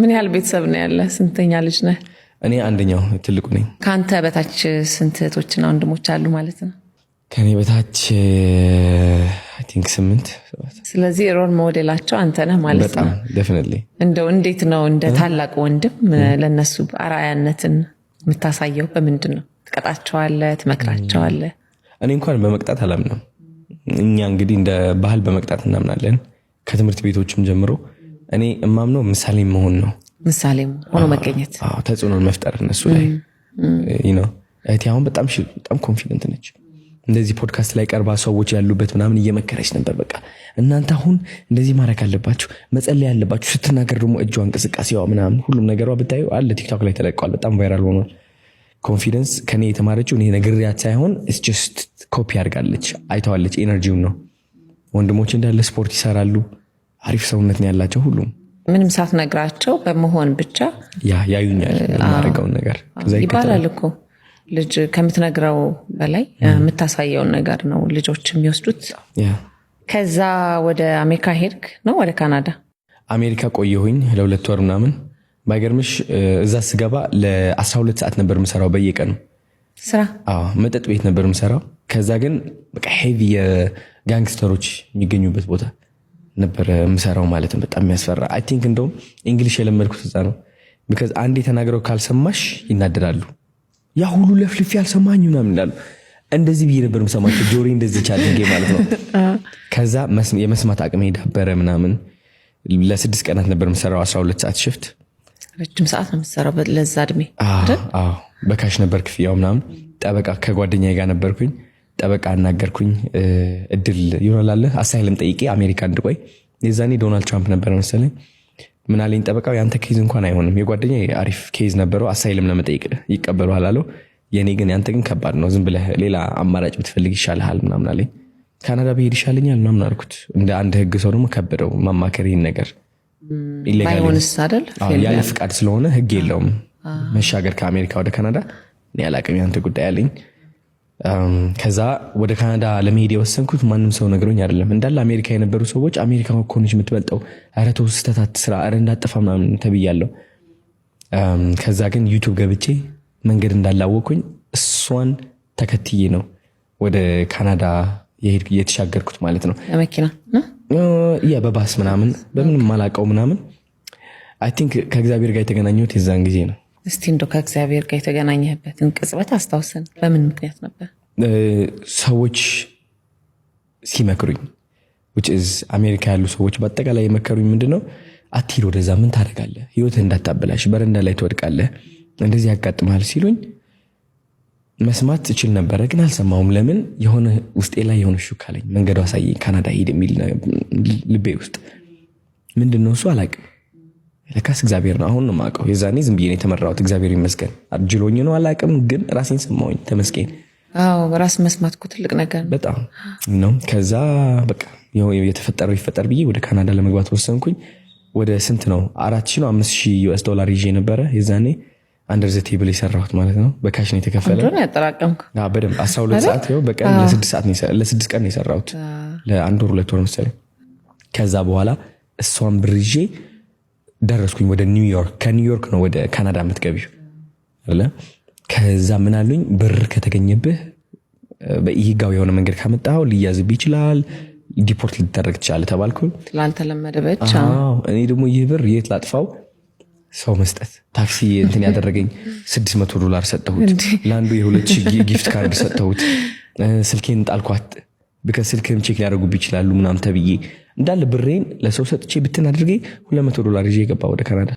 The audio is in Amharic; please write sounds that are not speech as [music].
ምን ያህል ቤተሰብ ነው ያለ? ስንተኛ ልጅ ነህ? እኔ አንደኛው ትልቁ ነኝ። ከአንተ በታች ስንት እህቶችና ወንድሞች አሉ ማለት ነው? ከኔ በታች አይ ቲንክ ስምንት። ስለዚህ ሮል ሞዴላቸው አንተ ነህ ማለት ነው። እንደው እንዴት ነው እንደ ታላቅ ወንድም ለነሱ አርአያነትን የምታሳየው በምንድን ነው? ትቀጣቸዋለህ? ትመክራቸዋለህ? እኔ እንኳን በመቅጣት አላምነው። እኛ እንግዲህ እንደ ባህል በመቅጣት እናምናለን ከትምህርት ቤቶችም ጀምሮ እኔ እማምነው ምሳሌ መሆን ነው። ምሳሌ ሆኖ መገኘት፣ ተጽዕኖን መፍጠር እነሱ ላይ ነው። እህቴ አሁን በጣም ኮንፊደንት ነች። እንደዚህ ፖድካስት ላይ ቀርባ ሰዎች ያሉበት ምናምን እየመከረች ነበር። በቃ እናንተ አሁን እንደዚህ ማድረግ አለባችሁ፣ መጸለይ አለባችሁ። ስትናገር ደግሞ እጇ እንቅስቃሴዋ ምናምን ሁሉም ነገሯ ብታዩ አለ ቲክቶክ ላይ ተለቀዋል። በጣም ቫይራል ሆኗል። ኮንፊደንስ ከኔ የተማረችው እኔ ነግሬያት ሳይሆን ጀስት ኮፒ አድርጋለች፣ አይተዋለች። ኤነርጂውን ነው። ወንድሞች እንዳለ ስፖርት ይሰራሉ አሪፍ ሰውነት ነው ያላቸው ሁሉም ምንም ሳትነግራቸው በመሆን ብቻ ያዩኛል የማደርገውን ነገር ይባላል እኮ ልጅ ከምትነግረው በላይ የምታሳየውን ነገር ነው ልጆች የሚወስዱት። ከዛ ወደ አሜሪካ ሄድክ ነው ወደ ካናዳ? አሜሪካ ቆየሁኝ ለሁለት ወር ምናምን። ባይገርምሽ እዛ ስገባ ለ12 ሰዓት ነበር የምሰራው በየቀኑ ስራ። መጠጥ ቤት ነበር የምሰራው። ከዛ ግን በቃ ሄቪ የጋንግስተሮች የሚገኙበት ቦታ ነበረ የምሰራው ማለትም በጣም የሚያስፈራ አይ ቲንክ እንደውም እንግሊሽ የለመድኩት እዛ ነው። ቢካዝ አንዴ ተናግረው ካልሰማሽ ይናደዳሉ። ያ ሁሉ ለፍልፌ አልሰማኝ ምናምን ይላሉ። እንደዚህ ብዬ ነበር የምሰማቸው ጆሮዬ እንደዚህ ቻድንጌ ማለት ነው። ከዛ የመስማት አቅሜ ዳበረ ምናምን። ለስድስት ቀናት ነበር የምሰራው አስራ ሁለት ሰዓት ሽፍት። ረጅም ሰዓት ነው የምሰራው ለዛ እድሜ። በካሽ ነበር ክፍያው ምናምን። ጠበቃ ከጓደኛ ጋር ነበርኩኝ ጠበቃ አናገርኩኝ። እድል ይሆናላለ አሳይለም ጠይቄ አሜሪካ እንድቆይ የዛኔ ዶናልድ ትራምፕ ነበረ መሰለኝ። ምናለኝ ጠበቃው ያንተ ኬዝ እንኳን አይሆንም፣ የጓደኛ አሪፍ ኬዝ ነበረው አሳይልም ለመጠይቅ ይቀበሉ አለው። የእኔ ግን ያንተ ግን ከባድ ነው፣ ዝም ብለህ ሌላ አማራጭ ብትፈልግ ይሻልሃል ምናምን አለኝ። ካናዳ ብሄድ ይሻለኛል ምናምን አልኩት። እንደ አንድ ህግ ሰው ደግሞ ከበደው ማማከር ይህን ነገር ያለ ፍቃድ ስለሆነ ህግ የለውም መሻገር ከአሜሪካ ወደ ካናዳ። እኔ አላቅም ያንተ ጉዳይ አለኝ። ከዛ ወደ ካናዳ ለመሄድ የወሰንኩት ማንም ሰው ነግሮኝ አይደለም። እንዳለ አሜሪካ የነበሩ ሰዎች አሜሪካ እኮ ነች የምትበልጠው፣ ኧረ ተው ስራ፣ ኧረ እንዳጠፋ ምናምን ተብያለሁ። ከዛ ግን ዩቱብ ገብቼ መንገድ እንዳላወቅኩኝ እሷን ተከትዬ ነው ወደ ካናዳ የተሻገርኩት ማለት ነው። መኪና ያ በባስ ምናምን በምንም ማላቀው ምናምን አይ ቲንክ ከእግዚአብሔር ጋር የተገናኘሁት የዛን ጊዜ ነው። እስቲ እንደው ከእግዚአብሔር ጋር የተገናኘህበትን ቅጽበት አስታውሰን። በምን ምክንያት ነበር? ሰዎች ሲመክሩኝ ውጭ አሜሪካ ያሉ ሰዎች በአጠቃላይ የመከሩኝ ምንድን ነው፣ አትሂድ ወደዛ፣ ምን ታደርጋለህ? ህይወትህ እንዳታበላሽ፣ በረንዳ ላይ ትወድቃለህ፣ እንደዚህ ያጋጥመሃል ሲሉኝ መስማት እችል ነበረ፣ ግን አልሰማውም። ለምን? የሆነ ውስጤ ላይ የሆነ ሹክ አለኝ። መንገዱ አሳየኝ፣ ካናዳ ሂድ የሚል ልቤ ውስጥ ምንድን ነው እሱ አላቅም ለካስ እግዚአብሔር ነው። አሁን ነው የማውቀው። የዛኔ ዝም ብዬ ነው የተመራሁት። እግዚአብሔር ይመስገን። አጅሎኝ ነው አላውቅም፣ ግን ራሴን ሰማሁኝ። ተመስገን። አዎ ራስ መስማት እኮ ትልቅ ነገር በጣም ነው። ከዛ በቃ የተፈጠረው ይፈጠር ብዬ ወደ ካናዳ ለመግባት ወሰንኩኝ። ወደ ስንት ነው አራት ሺ ነው አምስት ሺ ዩኤስ ዶላር ይዤ ነበረ የዛኔ አንደር ዘ ቴብል የሰራሁት ማለት ነው። በካሽ ነው የተከፈለ ያጠራቀምኩ በደንብ አስራ ሁለት ሰዓት በቀን ለስድስት ቀን ነው የሰራሁት ለአንድ ወር ሁለት ወር መሰለኝ። ከዛ በኋላ እሷን ብር ይዤ ደረስኩኝ ወደ ኒውዮርክ። ከኒውዮርክ ነው ወደ ካናዳ የምትገቢው አለ። ከዛ ምናሉኝ ብር ከተገኘብህ በህጋዊ የሆነ መንገድ ካመጣው ሊያዝብ ይችላል፣ ዲፖርት ልትደረግ ትችላለህ ተባልኩ። ላልተለመደ ብቻ እኔ ደግሞ ይህ ብር የት ላጥፋው? ሰው መስጠት ታክሲ እንትን ያደረገኝ 600 ዶላር ሰጠሁት። ለአንዱ የሁለት ሺህ ጊፍት ካርድ ሰጠሁት። [laughs] ስልኬን ጣልኳት። ስልክም ቼክ ሊያደርጉብ ይችላሉ ምናምን ተብዬ እንዳለ ብሬን ለሰው ሰጥቼ ብትን አድርጌ 200 ዶላር ይዤ የገባ ወደ ካናዳ